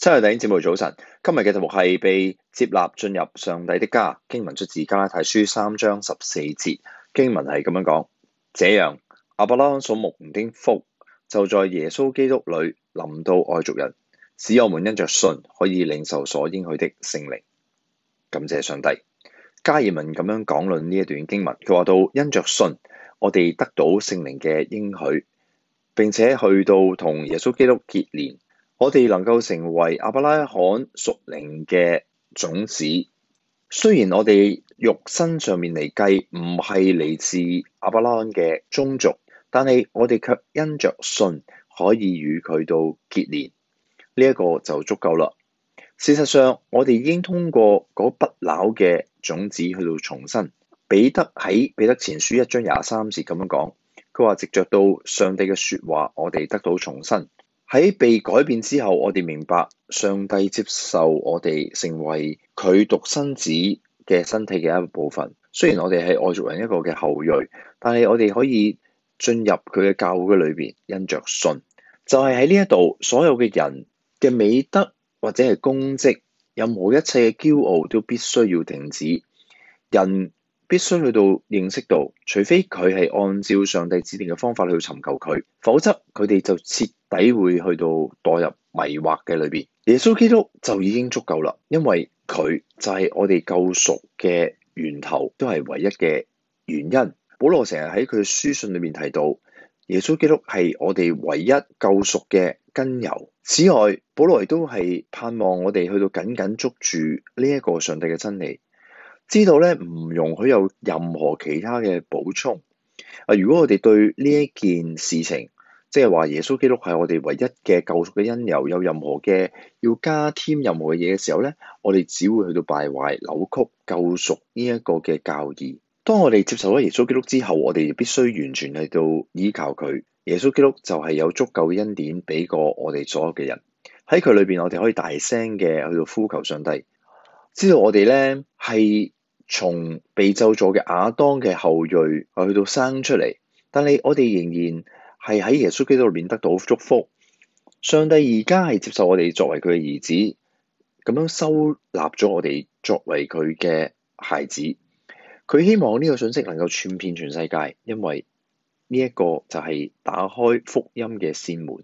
七日第一節目早晨，今日嘅題目係被接納進入上帝的家。經文出自《加拉太書》三章十四節，經文係咁樣講：這樣亞伯拉罕所蒙的福，就在耶穌基督裡臨到外族人，使我們因着信可以領受所應許的聖靈。感謝上帝，加爾文咁樣講論呢一段經文，佢話到因着信，我哋得到聖靈嘅應許，並且去到同耶穌基督結連。我哋能夠成為亞伯拉罕屬靈嘅種子，雖然我哋肉身上面嚟計唔係嚟自亞伯拉罕嘅宗族，但係我哋卻因着信可以與佢到結連，呢、這、一個就足夠啦。事實上，我哋已經通過嗰不朽嘅種子去到重生。彼得喺彼得前書一章廿三節咁樣講，佢話：藉着到上帝嘅説話，我哋得到重生。喺被改變之後，我哋明白上帝接受我哋成為佢獨生子嘅身體嘅一個部分。雖然我哋係外族人一個嘅後裔，但係我哋可以進入佢嘅教會嘅裏邊，因著信。就係喺呢一度，所有嘅人嘅美德或者係功績，任何一切嘅驕傲都必須要停止。人必須去到認識到，除非佢係按照上帝指定嘅方法去尋求佢，否則佢哋就徹底會去到墮入迷惑嘅裏邊。耶穌基督就已經足夠啦，因為佢就係我哋救贖嘅源頭，都係唯一嘅原因。保羅成日喺佢嘅書信裏面提到，耶穌基督係我哋唯一救贖嘅根由。此外，保羅亦都係盼望我哋去到緊緊捉住呢一個上帝嘅真理。知道咧，唔容許有任何其他嘅補充啊！如果我哋對呢一件事情，即係話耶穌基督係我哋唯一嘅救贖嘅恩由，有任何嘅要加添任何嘅嘢嘅時候咧，我哋只會去到敗壞、扭曲救贖呢一個嘅教義。當我哋接受咗耶穌基督之後，我哋必須完全去到依靠佢。耶穌基督就係有足夠嘅恩典俾過我哋所有嘅人。喺佢裏邊，我哋可以大聲嘅去到呼求上帝。知道我哋咧係從被咒詛嘅亞當嘅後裔去到生出嚟，但係我哋仍然係喺耶穌基督裏面得到祝福。上帝而家係接受我哋作為佢嘅兒子，咁樣收納咗我哋作為佢嘅孩子。佢希望呢個信息能夠傳遍全世界，因為呢一個就係打開福音嘅扇門。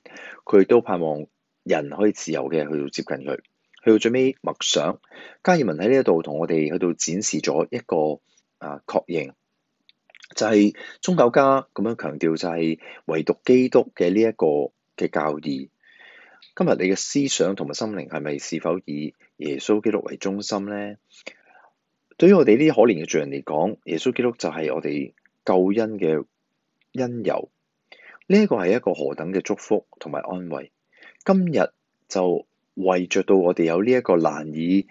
佢都盼望人可以自由嘅去到接近佢。去到最尾默想，加爾文喺呢一度同我哋去到展示咗一個啊確認，就係、是、宗教家咁樣強調就係唯獨基督嘅呢一個嘅教義。今日你嘅思想同埋心靈係咪是，是否以耶穌基督為中心咧？對於我哋呢啲可憐嘅罪人嚟講，耶穌基督就係我哋救恩嘅因由。呢一個係一個何等嘅祝福同埋安慰。今日就。為着到我哋有呢一個難以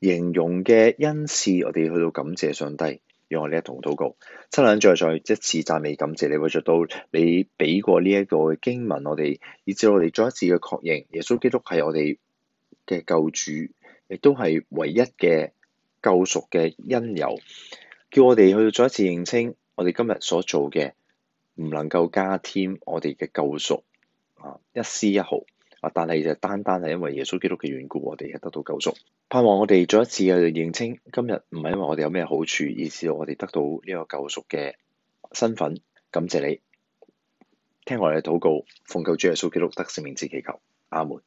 形容嘅恩賜，我哋去到感謝上帝，讓我哋一同禱告。親，兩再再一次讚美感謝你，為着到你俾過呢一個經文我，我哋以致我哋再一次嘅確認，耶穌基督係我哋嘅救主，亦都係唯一嘅救贖嘅恩友。叫我哋去到再一次認清，我哋今日所做嘅唔能夠加添我哋嘅救贖啊一絲一毫。但係就單單係因為耶穌基督嘅緣故，我哋而得到救贖。盼望我哋再一次嘅認清，今日唔係因為我哋有咩好處，而是我哋得到呢個救贖嘅身份。感謝你聽我哋嘅禱告，奉救主耶穌基督得聖名，之祈求。阿門。